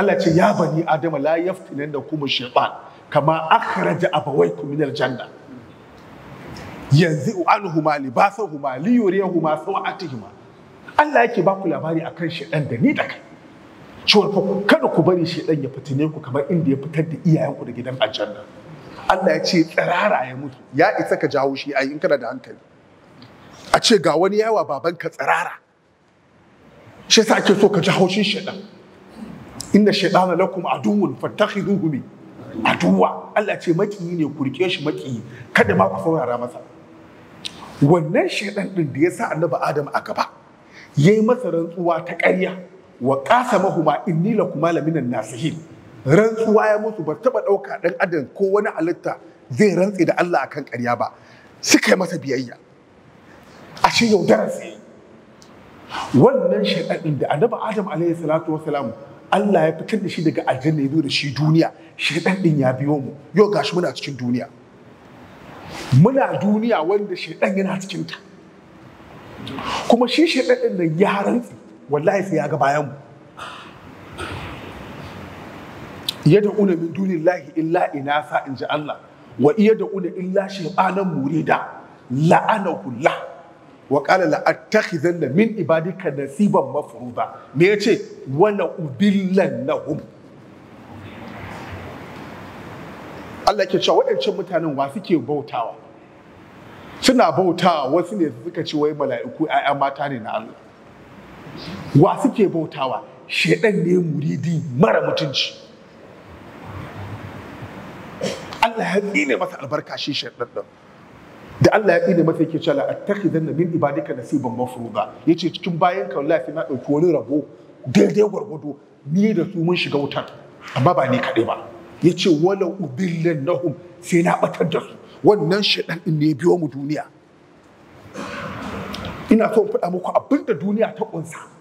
Allah ce ya bani adama la yaftinan da kuma shaytan kama akhraja abawaykum min aljanna yanzu anhuma libasahuma li yuriyahuma sawatihima Allah yake ba ku labari akan shaɗan da ni da kai cewar fa kada ku bari shaɗan ya fitine ku kamar inda ya fitar da iyayen ku da gidan aljanna Allah ya ce tsirara ya mutu ya isa ka jawo shi ai in kana da hankali a ce ga wani yawa babanka tsirara shi yasa ake so ka ji haushin shaɗan inna shaytana lakum aduwun fattakhiduhu bi aduwa Allah ce makiyi ne ku rike shi makiyi kada ma ku saurara masa wannan shaɗan din da ya sa annabi Adam a gaba yayi masa rantsuwa ta ƙarya wa qasamahuma inni lakuma laminan nasihin rantsuwa ya musu ba taba ɗauka ɗan adam ko wani halitta zai rantse da Allah akan ƙarya ba suka yi masa biyayya a shi yaudara sai wannan shaidan da annabi adam alaihi salatu wasalamu Allah ya fitar da shi daga aljanna ya zo da shi duniya shi dan din ya biyo mu yau gashi muna cikin duniya muna duniya wanda shi dan yana cikin ta kuma shi shi din nan ya rantsi wallahi sai ya ga bayan mu una min dunillahi illa in inji Allah wa una illa shaytanan murida la'anahu Allah wa qala la attakhizanna min ibadika nasiban mafruba me yace wala ubillannahum Allah ke cewa waɗancan mutanen wa suke bautawa suna bautawa wasu ne suka ce wai mala'iku ‘ya'ya mata ne na Allah wa suke bautawa shaidan ne muridi mara mutunci Allah ya tsine masa albarka shi shaidan da Allah ya tsine mata yake cewa la attakhidanna min ibadika nasiban mafruda yace cikin bayan ka wallahi sai na dauki wani rabo daidai gwargwado ni da su mun shiga wutar amma ba ni kaɗai ba yace wala nahum sai na batar da su wannan shedan in ne biyo mu duniya ina so in faɗa muku abinda duniya ta kunsa